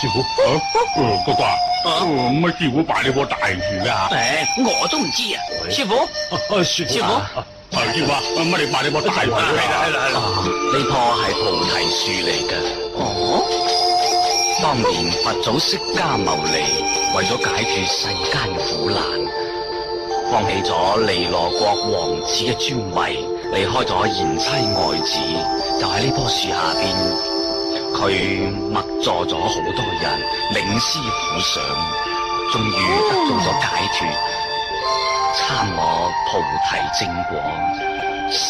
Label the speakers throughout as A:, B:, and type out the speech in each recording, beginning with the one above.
A: 師傅、啊啊，嗯，哥哥，啊啊、叫我唔係師傅，拜你棵大樹啦。
B: 哎，我都唔知啊。啊師傅、啊啊啊，
A: 啊，師傅、啊，啊，啊啊你拜你、啊啊啊、棵大樹啦。係啦係啦。呢棵係菩提樹嚟㗎。哦。當年佛祖釋迦牟尼為咗解決世間苦難，放棄咗利羅國王子嘅尊位，離開咗賢妻外子，就喺呢棵樹下邊。佢默助咗好多人冥思苦想，終於得到咗解脱，參我菩提正果，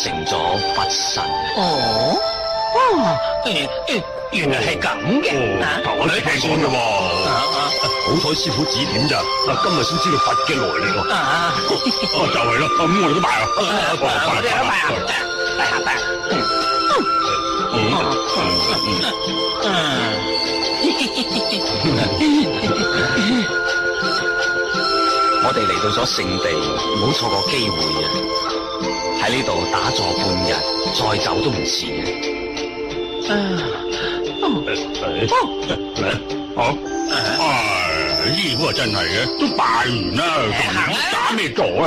A: 成咗佛神。哦，哇、哦，原來係咁嘅，頭一次聽講嘅喎。好、哦、彩、啊啊嗯、師傅指點咋，嗱、啊啊，今日先知道佛嘅來歷咯、啊 哦就係啊。哦，就係咯，咁、啊、我哋都拜拜！拜、啊！拜、啊！啊 mm. 我哋嚟到咗聖地，唔好錯過機會啊！喺呢度打坐半日，再走都唔遲 啊！啊！哦，好啊！呢個真係啊，都拜完啦，仲打咩坐啊？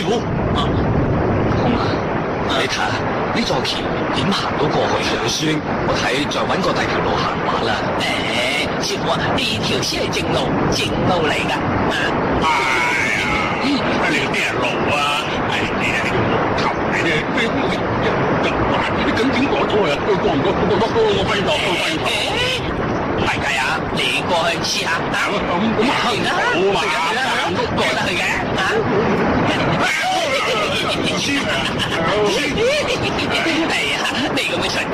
A: 師傅，阿、啊、空啊,啊，你睇下呢座橋點行到過去上先？我睇再搵個第二條路行埋啦。誒，
B: 師傅，啊，呢條先係正路，正路嚟㗎。啊，路
C: 啊，啊你有邊條路啊？你條路咁大嘅，咁點過到去？都過唔過？過唔到，我飛落去。唔係，計啊！你過去試下、嗯，等、嗯、我，我行好嘛。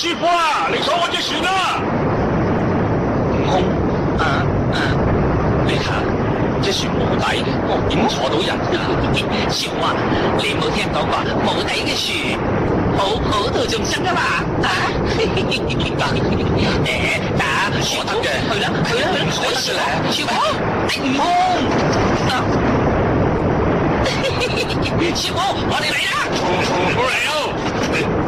C: 師傅啊，你坐我隻船啦。悟空，啊啊，你睇，隻船冇底，我點坐到人啊？師傅啊，你冇聽講過
B: 冇底嘅船，好普度眾生噶嘛？啊，嘿嘿嘿嘿
C: 嘿，耶，打，坐得嘅，去啦，去啦，坐起嚟。師傅，誒，悟空，啊，嘿嘿嘿嘿嘿，師傅，我哋嚟、哦嗯 啊 啊啊、 啦，衝衝出嚟咯。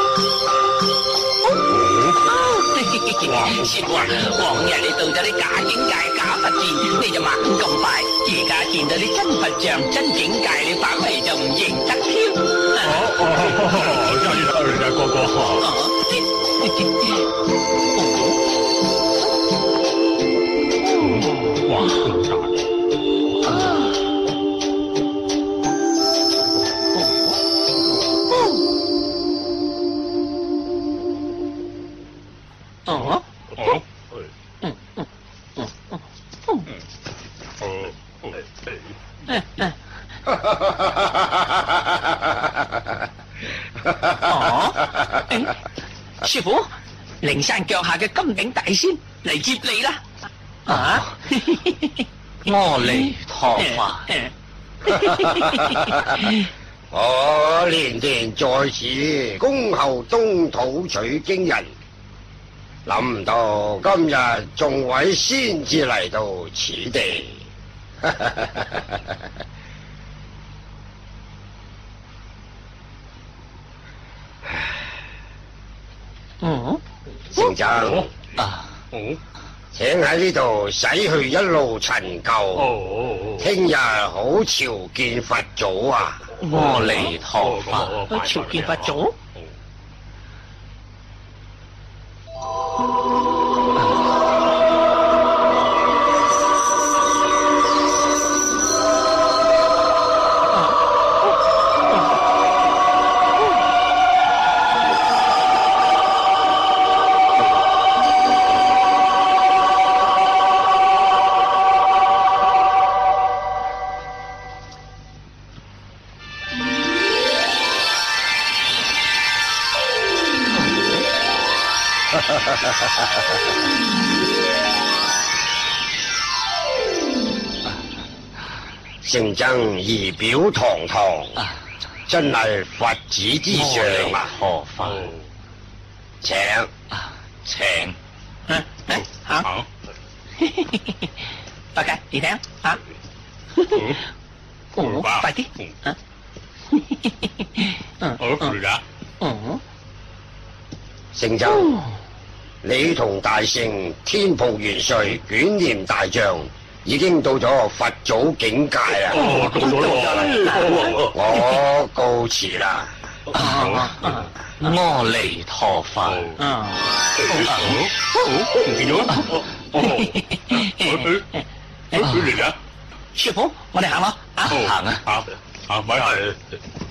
B: 說話，往日你到咗啲假境界、假佛像，你就猛咁快；而家見到啲真佛像、真境界，你反為就唔認得添。
A: 好，Hon-uição
C: chatting
B: 師傅，靈山腳下嘅金頂大仙嚟接你啦！啊，
A: 阿彌陀佛，我年年在此恭候東土取經人，諗唔到今日眾位先至嚟到此地。嗯，聖僧啊，請喺呢度洗去一路塵垢，聽、哦、日、哦哦哦、好朝見佛祖啊！阿彌陀
B: 佛，朝見佛祖。
A: 真儀表堂堂，真係佛子之上啊！何況，請請，
B: 吓吓，快啲，你聽，吓，快啲，
A: 嗯，成周，你同大聖、天蓬元帥、捲簾大將。已經到咗佛祖境界啦、哦、了了了了啊！我告辭啦，
C: 阿彌
A: 陀佛。嚟
C: 啦，
B: 師傅，我行啦、
C: 啊，啊，行行咪係。
B: 啊啊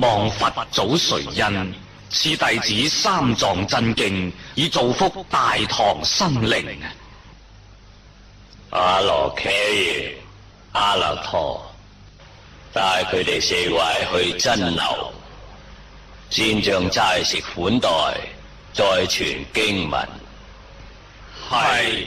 A: 望佛祖垂恩，賜弟子三藏真經，以造福大唐生靈。阿羅契耶、阿勒陀，帶佢哋四位去真樓，先將齋食款待，再傳經文。係。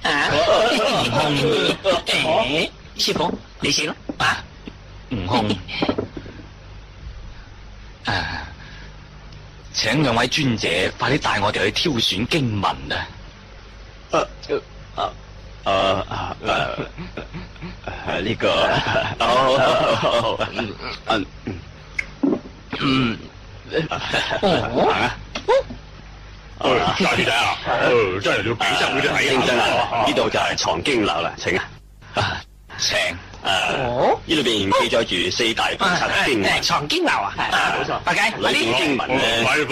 B: 啊！悟、啊、空，誒、啊哎，師傅，你
A: 先咯，啊？悟空，啊，請兩位尊者快啲帶我哋去挑選經文啊啊啊啊啊！呢、啊啊啊啊啊啊啊呢個好，嗯嗯嗯，好。好好好好 mm-hmm. 嗯啊啊誒，住一仔啊！真係要認真去睇啊！啊！呢度、啊啊啊啊、就係藏經樓啦，請啊！啊，請誒，呢裏邊記載住四大部冊嘅經文。
B: 藏經樓啊，係
A: 冇錯。OK，、啊、呢、啊啊啊啊、經文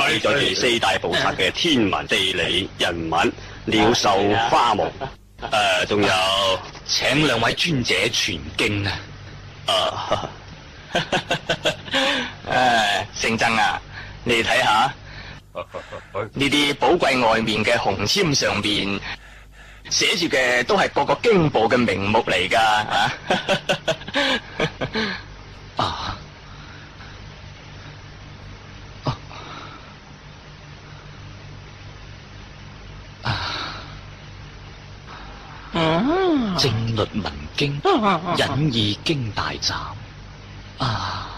A: 咧記載住四大部冊嘅天文、地理、啊、人文、鳥、啊、獸、花木。誒、啊，仲、啊啊啊、有、啊、請兩位尊者傳經啊！誒，姓曾啊，你睇下。呢啲寶貴外面嘅紅簽上邊寫住嘅都係各個個經部嘅名目嚟㗎啊啊啊啊！正、啊啊、 律文經 引義經大集啊。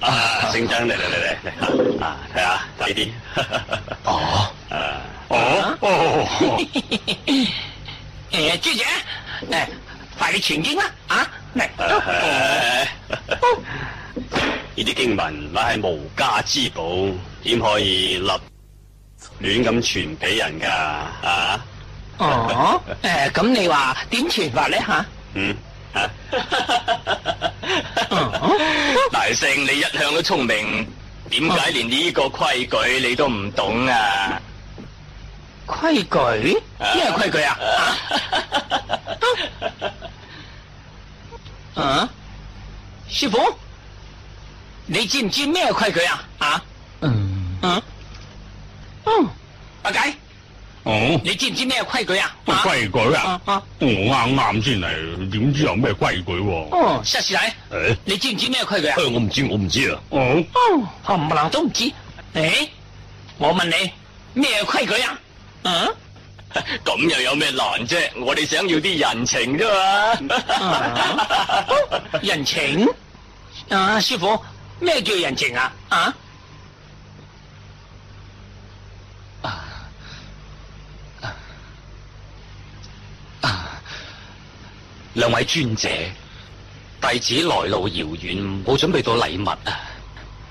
A: 啊！聖僧嚟嚟嚟嚟，啊睇下睇啲哦，啊哦哦，
B: 誒、啊、豬、啊啊 欸、姐，誒、欸、快啲傳經啦，啊
A: 嚟！呢啲經文乃係無價之寶，點可以立亂咁傳俾人噶啊？
B: 哦，誒咁你話點傳法咧吓？嗯。
C: 吓
A: 大聖，你一向都聰明，點解連呢個規矩你都唔懂啊？
C: 規、
B: 啊、矩？
A: 咩
C: 規矩啊？
B: 啊？師傅，你知唔知咩規矩啊？啊？嗯？啊？阿、哦、
A: 解？哦，你知
B: 唔知咩規矩啊？規矩啊？我啱啱
A: 先嚟，點知有咩規矩？哦，失師傅，你知唔知咩規矩啊？我唔知，我唔知啊。哦
B: 哦，唔難都唔知。誒，我問你咩規矩啊？啊？
A: 咁又有咩難啫、啊？我哋想要啲人情啫嘛、啊 啊哦。人情
B: 啊，師傅，咩叫人情啊？啊？
A: 兩位尊者，弟子來路遙遠，冇準備到禮物啊！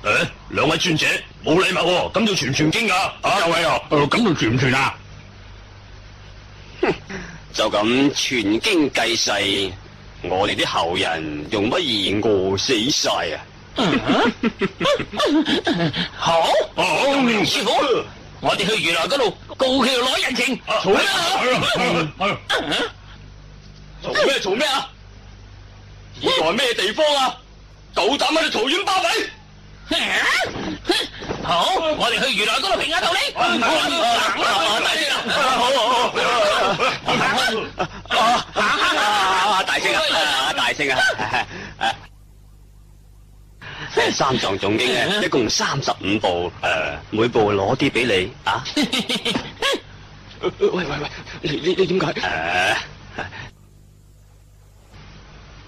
A: 誒、哎，兩位尊者冇禮物、啊，咁就傳傳經噶、啊。啊，兩位啊，咁就傳唔傳啊？ 就咁傳經濟世，我哋啲後人用乜嘢餓死晒啊？
B: 好，師、啊、傅，我哋去原來嗰度告橋攞人情。
A: 去、啊 啊啊啊 做咩？做咩啊？倚在咩地方啊？狗膽喺度嘈冤巴閉。好，我哋去如來嗰度評下道理。啊、好、啊啊啊啊啊啊，大聲啊！好
C: 好好。大聲啊！
A: 大聲啊！啊啊啊啊啊三藏總經咧，一共三十五部。誒、 啊，每部攞啲俾你啊,
C: 啊。喂喂喂，你你你點解？啊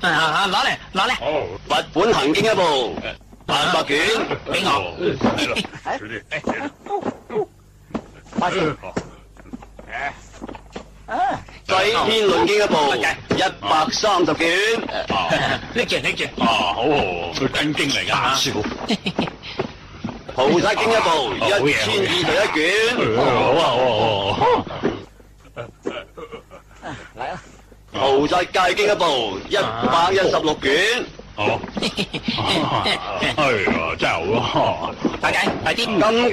A: 啊啊！攞嚟，攞嚟！好，佛本行經一部，八百卷，俾我。係咯，快啲。啊！鬼天論經一部，一百三十卷。呢幾呢幾？啊，好哦，佢真經嚟噶。師傅，菩薩經一部，一千二百一卷。好啊，好啊。《菩薩戒經》一部一百一十六卷，哦，係啊，真係好啊！大仔，大啲，《金剛經》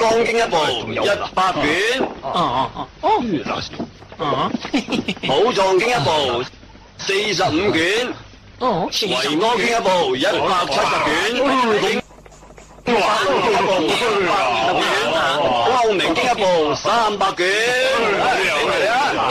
A: 一部一百卷，哦哦哦，哦，《寶藏經》一部四十五卷，《維摩經》一部一百七十卷，《華嚴經》一部八十六卷，《光明經》一部三百卷。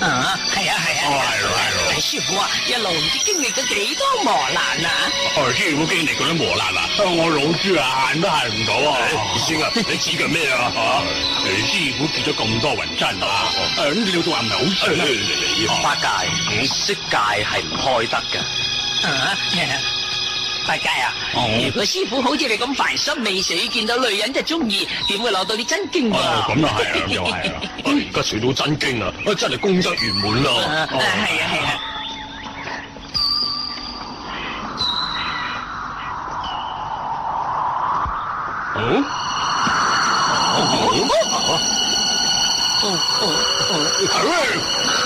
B: 啊，係啊係啊，哦係咯係咯，師傅啊，一路唔知
C: 經歷咗幾多磨難
A: 啊！哦、啊，師傅經歷咁多磨難啊，我老豬啊，行都行唔到啊！先啊，啊，你指緊咩啊？啊啊啊你師傅跌咗咁多雲針啊，咁、啊啊啊、你老杜話唔係好事、啊啊啊、八戒五色戒係唔開得嘅。啊
B: 八戒啊！如果個師傅好似你咁凡心未死，見到女人就中意，點會攞到啲真經？哦、是啊？咁又
A: 係啊，又係啊！而家傳到真經啦，真係功德圓滿啦！係
B: 啊，係啊。
C: 是啊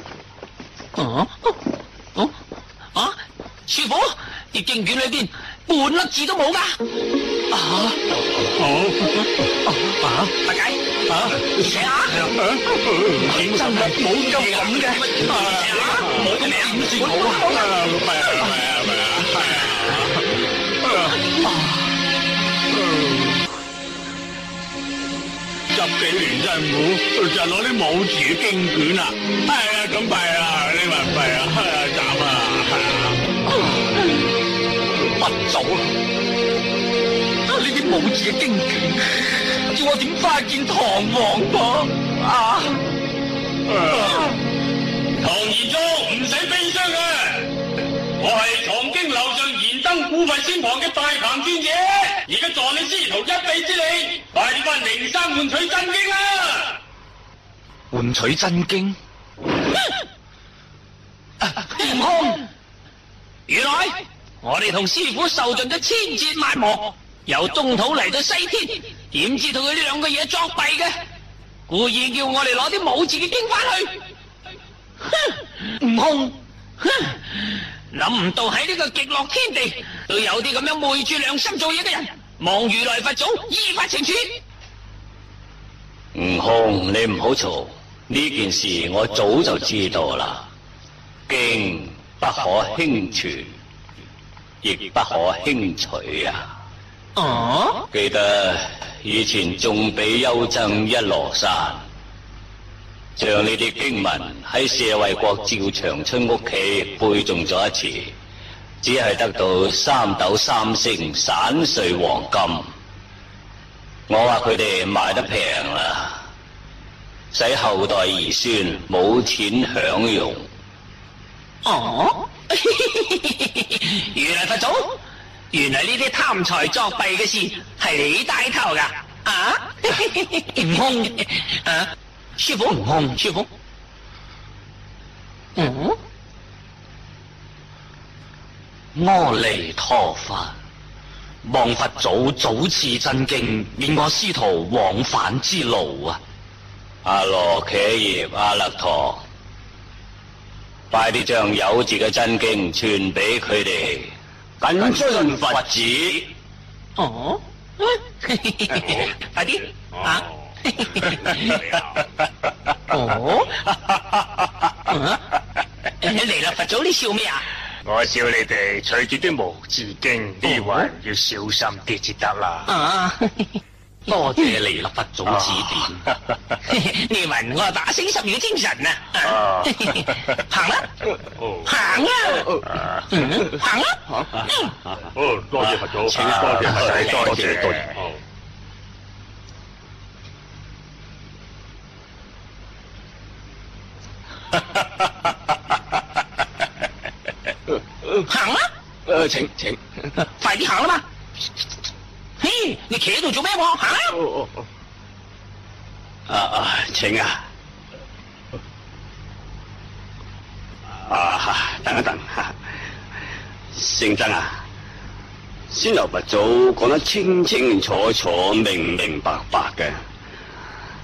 B: 哦哦啊！師傅，啲經卷裏邊半粒字都冇噶
C: 啊！啊啊、oh, oh. oh. oh. oh. oh? 啊！阿仔啊！寫啊！點真嘅冇咁嘅，寫 nose 啊 fu- ku- ossenautres figured out、mm-hmm.！冇咁
A: 面熟啊！十幾年辛苦就攞啲冇字經卷啊！係啊，咁弊啊！
B: 走啦！呢啲冇字嘅經卷，叫我點返見唐王噃？
A: 啊！唐玄奘唔使悲傷嘅，我係藏經樓上燃燈古佛身旁嘅大鵬尊者，而家助你師徒一臂之力，快啲返靈山換取真經啦！換取真經！悟
B: 空，原來。我哋同師傅受盡咗千折萬磨，由東土嚟到西天，點知道佢呢兩個嘢作弊嘅？故意叫我哋攞啲無字嘅經翻去。哼，悟空，哼，諗唔到喺呢個極樂天地都有啲咁樣昧住良心做嘢嘅人，望如來佛祖依法懲處。
A: 悟空，你唔好嘈，呢件事我早就知道啦，經不可輕傳。亦不可輕取啊，
C: 啊！
A: 記得以前仲比丘贈一落山，將呢啲經文喺舍衛國趙長春屋企背誦咗一次，只係得到三斗三星散碎黃金。我話佢哋賣得平啦，使後代兒孫冇錢享用。
B: 哦、啊。 原來佛祖，原來呢啲貪財作弊嘅事係你帶頭噶，啊？悟 空，啊？孫悟空，孫悟空。
A: 嗯、啊？阿彌陀佛，望佛祖早賜真經，免我師徒往返之勞啊！阿羅揭葉，企業阿勒陀。快啲將有字嘅真經傳俾佢哋，緊追佛子。
B: 哦， 哦 快啲啊！
A: 哦，嚟 啦、 哦 啊， 佛祖，你笑咩啊？我笑你哋取住啲無字經，呢、哦、位 要小心啲至得啦。
C: 啊 多
A: 謝你啦，佛祖指點。
B: 你問我打醒十二精神啊！行啦，行
C: 啦，
A: 行啦，好。哦，多謝佛祖，請多謝，佛祖，多
B: 謝。行啦！誒，請，請，快啲行啦嘛！你企喺度做咩
A: 喎？啊 oh, oh, oh. Uh, uh, 啊，請啊啊！等一等，聖、啊、僧啊，先頭我早講得清清楚楚、明明白白嘅，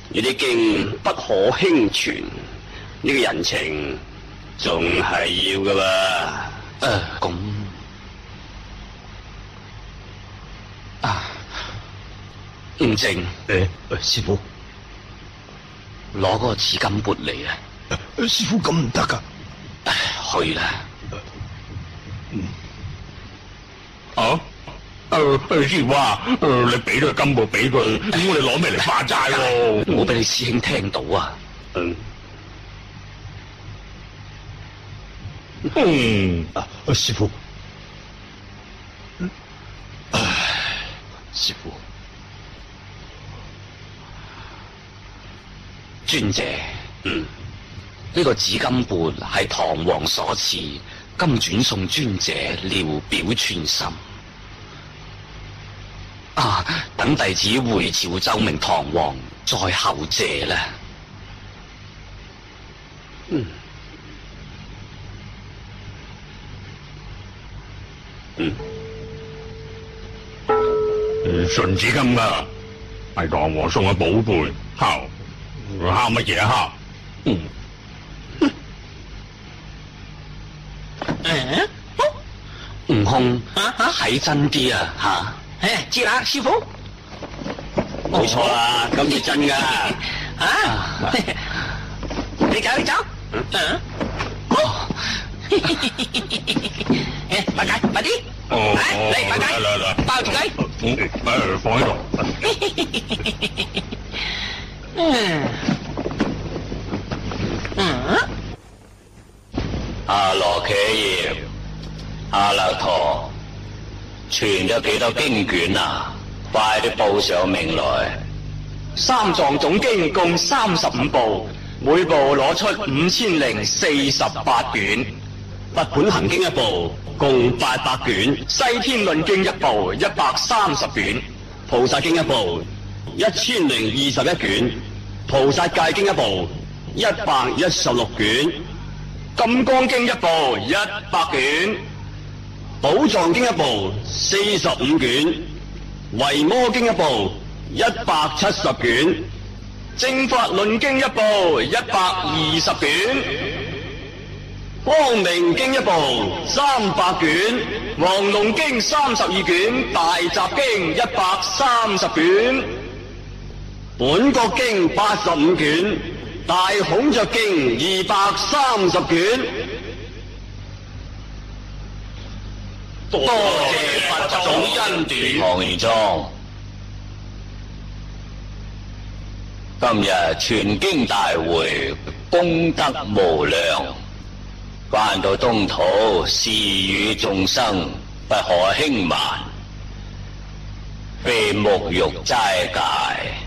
A: 你啲經不可輕傳，呢、這個人情仲係要噶嘛？啊、uh,，咁。唔正，誒、欸、師傅，攞嗰個紫金缽嚟啊，
B: 啊！師傅咁唔得噶，
A: 去啦、啊！啊，誒、啊啊，師傅、啊啊，你俾咗金缽俾佢，我哋攞咩嚟化債咯？唔好俾你師兄聽到啊！嗯，啊，師傅，唉、啊，師傅。尊者，嗯，呢、這個紫金缽係唐王所賜，今轉送尊者，聊表寸心。啊，等弟子回朝奏明唐王再後謝啦。嗯，嗯，純、嗯、紫金噶，係唐王送嘅寶貝，好。我喊乜嘢吓？嗯，誒，悟空啊，吓係真啲啊吓，誒知啦，師傅，冇錯啦，咁就真噶啦，
C: 啊，
B: 你走你走，啊，哦，嘿
C: 嘿嘿嘿嘿嘿，快啲快啲，
A: 嚟嚟快啲，包住佢，唔好放喺度，嘿嘿嘿嘿嘿嘿。嗯嗯，阿 羅、啊啊、企業阿拉、啊、陀存咗幾多經卷啊？快啲報上名來！三藏總經共三十五部，每部攞出五千零四十八卷。佛本行經一部共八百卷，西天論經一部一百三十卷，菩薩經一部一千零二十一卷。菩薩戒經一部一百一十六卷，金剛經一部一百卷，寶藏經一部四十五卷，維摩經一部一百七十卷，正法論經一部一百二十卷，光明經一部三百卷，黃龍經三十二卷，大集經一百三十卷。本《國經》八十五卷，《大孔雀經》二百三十卷，多謝佛祖恩典。唐玄奘，今日全經大會，功德無量。翻到東土，事與眾生，不可輕慢，被沐浴齋戒。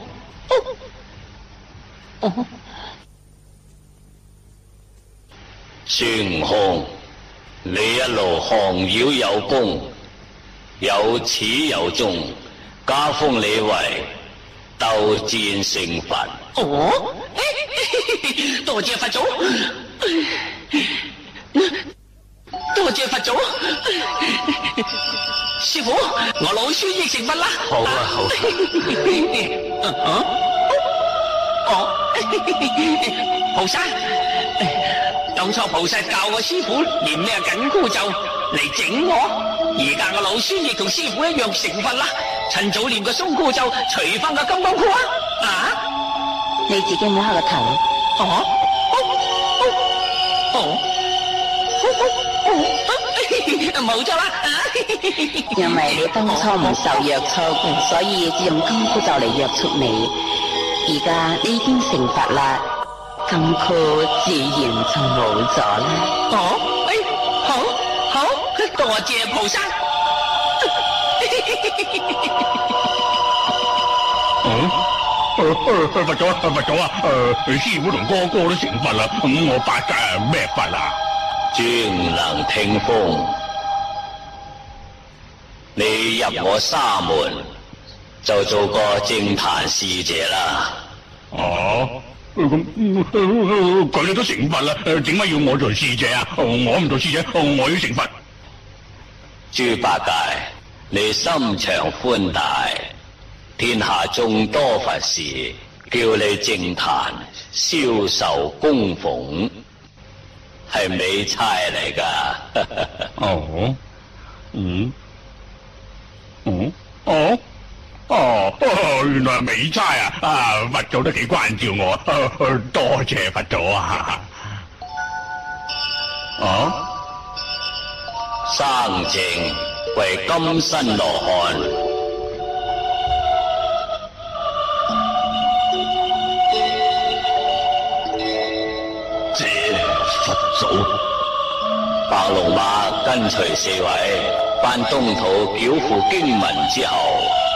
A: 孫悟空，你一路降妖有功，有始有終，加封你為鬥戰勝佛。哦，
B: 多謝佛祖， 多謝佛祖， 師傅，我老孫亦成佛啦。好啊，好啊。 啊 菩薩，當初菩薩教我師傅念咩緊箍咒嚟整我，而家我老孫也師亦同師傅一樣成佛啦。趁早念個鬆箍咒，除翻個金剛箍啊！啊，你自己摸下個頭。哦、啊，哦、啊，哦、啊，哦、啊，冇、啊啊啊、 錯啦了。 因為你當初唔受約束，所以只用金箍咒嚟約束你。而家你已經成佛啦，咁佢自然就
C: 冇咗啦。哦、
B: 啊，哎，好，好，多謝菩薩。嗯，唔
A: 該，佛該啊。誒、啊啊啊，師傅同哥哥都成佛啦，咁、嗯、我八戒係咩佛啊？專能聽風。你入我沙門，就做個正壇使者啦。哦、啊，咁佢哋都成佛啦，點解要我做使者啊？我唔做使者，我要成佛。豬八戒，你心腸寬大，天下眾多佛事叫你淨壇消受供奉，係美差嚟㗎。 哦，嗯，嗯，哦。哦，呃，原來美差啊，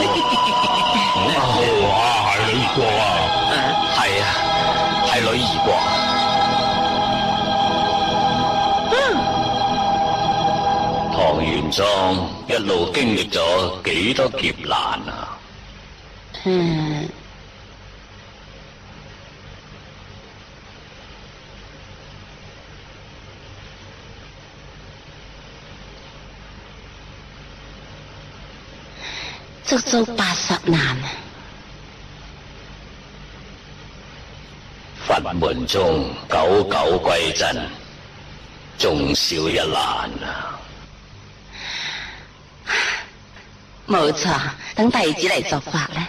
A: 哦、哇！女兒國啊，係啊，係女兒國、嗯。唐玄奘一路經歷咗幾多劫難啊？嗯
B: 足足八
A: 十難，佛門中九九歸真，仲少一難啊！
B: 冇錯，等弟子嚟作法啦。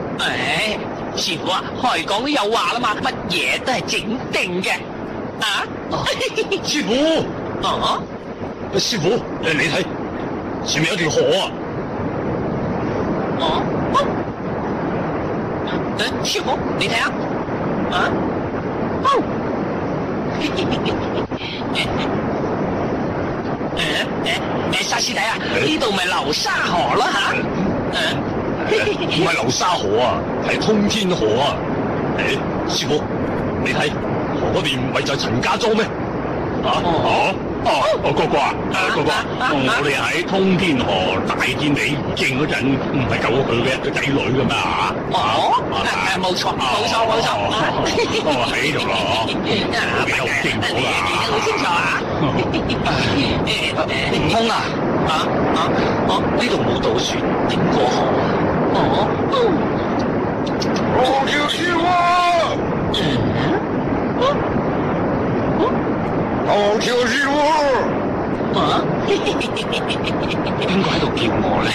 A: 唉、哎，師
B: 傅啊，開講都有話啦嘛，乜嘢都係整定嘅，啊哦。啊，
C: 師傅，啊，師傅，你睇，前面有條河啊。啊，誒、啊，師傅，你睇下啊，啊，哦，嘿嘿嘿嘿，
B: 誒，誒，沙師弟啊，呢度咪流
C: 沙河咯吓。啊
A: 唔 係流沙河啊，係通天河啊！誒、欸，師傅，你睇，河邊唔係就係陳家莊咩？啊啊哦哦哥哥啊誒，哥哥，啊哥哥啊啊啊哦，我哋喺通天河大見李靖嗰陣，唔係救咗佢嘅個仔女噶嘛，啊啊？哦，係 啊，冇
C: 錯冇錯冇錯，喺呢度啦哦，好
A: 清楚啦，好清楚啊！誒，悟
C: 空啊， 啊，哎，啊，啊 啊哦，呢度冇渡船點過河。老調師傅。老調師傅，嗯嗯。啊？嘿嘿嘿嘿嘿嘿，邊、啊、個喺度叫
B: 我咧？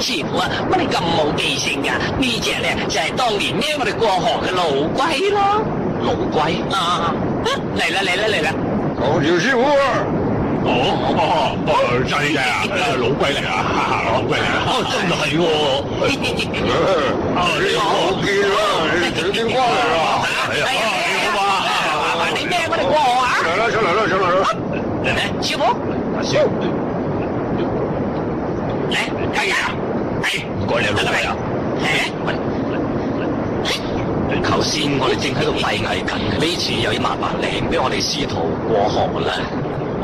B: 師傅啊，乜你咁冇記性噶，啊？呢隻咧就係當年孭我哋過河嘅老
C: 龜咯。老
B: 龜啊！嚟啦
C: 嚟啦嚟啦！老調師傅，啊。哦哦，哦，哦，啊、哦，老龜嚟啊，老龜嚟，真係喎。你唔好叫啊！你唔聽話啦，哎呀，好、哎、嘛、哎哎，你咩、啊
B: 哎哎哎、我哋過河啊？嚟啦，上嚟啦，上嚟啦，師傅，師傅，
C: 嚟，加油，嚟，
A: 過嚟，過嚟，啊！唔該，嚟、啊，頭先我哋正喺度閉翳緊，呢次又要麻煩你俾我哋師徒過河啦。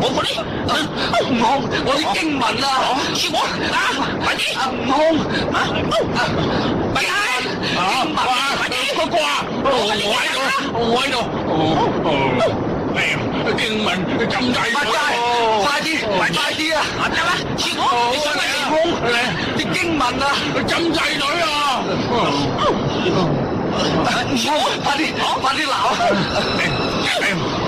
C: 我啲，你，哦，悟空，我啲經文啊，切我，啊，快啲，啊，悟空，啊，哦，快啲，經文啊，快啲過關，我喺度，我喺度，哦，哦，哎呀，經文浸大水，快啲，快啲啊，得啦，切我，你上嚟啊，悟空，嚟，啲經文啊，浸大水啊，哦，快啲，好，快啲攞，哎呀。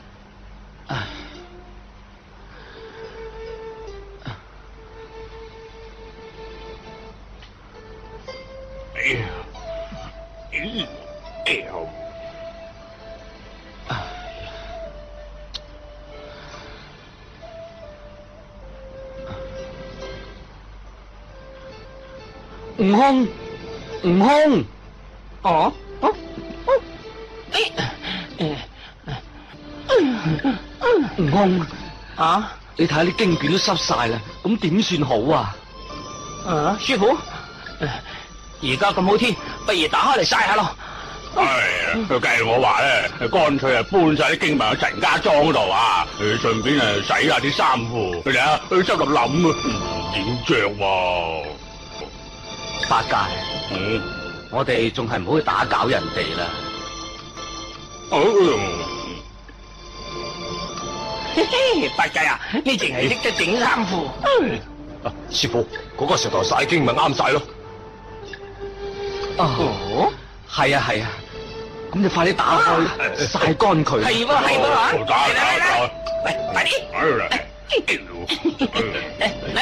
C: 悟空，悟空，
B: 哦、啊，哦、啊，哎、啊，悟空，啊，你睇下啲經卷都濕晒啦，咁點算好啊？啊，師傅，
A: 而家咁好天，不如打開嚟晒下咯。係、哎、啊，佢計我話咧，乾脆啊搬晒啲經文去陳家莊嗰度啊，順便啊洗一下啲衫褲。佢哋、嗯、啊，佢真咁諗啊，唔點着喎？八戒，嗯，我哋仲係唔好去打攪人哋啦。哦嗯。嘿
B: 嘿，八戒啊，呢淨係識得整衫褲。嗯。
A: 啊，師傅，嗰、那個石頭曬經咪啱晒咯。哦，係啊係啊，咁、啊、你快啲打開曬乾佢。係啵係啵，來來來，
C: 喂、啊，快啲、啊。
A: 來，來，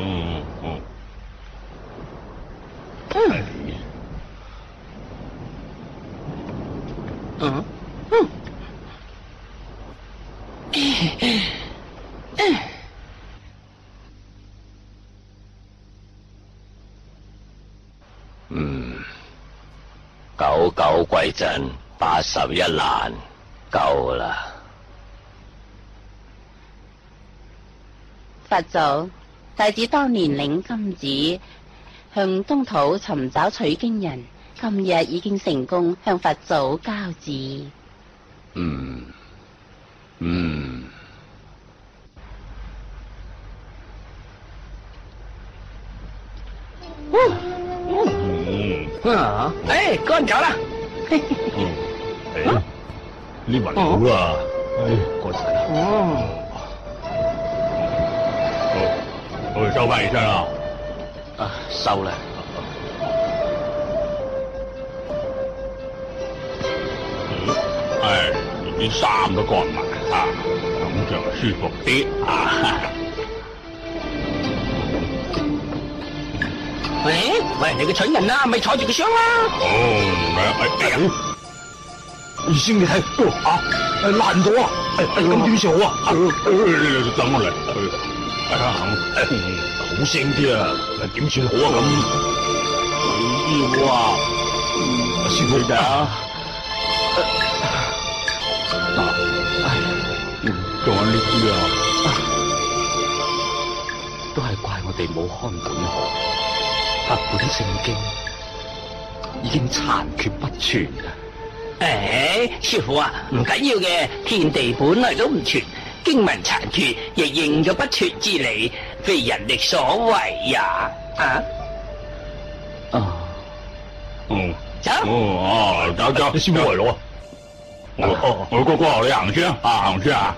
A: 八十一難夠啦！佛祖，弟子當年
B: 領金旨，向東土尋找取經人，今日已經成功向佛祖交旨。
A: 嗯，嗯。 嗯，哎，呢雲好啊，唉、哎，乾晒啦。好，我哋收返起身啦。啊，收啦。嗯，係、哎，連啲衫都乾埋啊，咁就舒服啲啊。
B: 喂、欸、喂，你個蠢人啊，咪坐住個箱啊！哦，
C: 咩、
A: 哎？誒、哎，二師兄你睇，吓，誒、啊，爛咗，咁點算好啊、哎哎？等我嚟，誒、哎哎哎，好聲啲啊，點算好啊？咁、嗯，哇，先你睇啊，仲有呢啲啊，都、啊、係、啊哎嗯啊啊嗯啊嗯啊、怪我哋冇看管啊！《本聖經》已經殘缺不全啦。
B: 誒、欸，師傅啊，唔緊要嘅，天地本來都唔全，經文殘缺亦應咗不全之理，非人力所為也。啊。
A: 哦、啊。哦、嗯。走。哦嗯走走、啊啊啊啊啊啊啊，我落。哦哦，我哥過下你旁啊！行邊啊。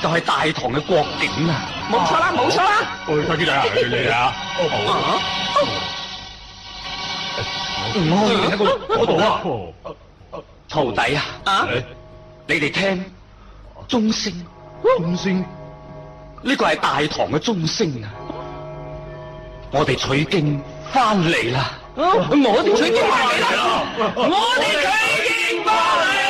A: 就係大唐嘅國境啊！
B: 冇錯啦，冇錯
A: 啦！大師姐啊，你嚟啊！啊！唔可以喺嗰度啊！徒弟啊，你哋聽鐘聲，鐘聲，呢個係大唐嘅鐘聲啊！我哋取經翻嚟啦！我哋
C: 取經翻嚟啦！我哋取經翻嚟！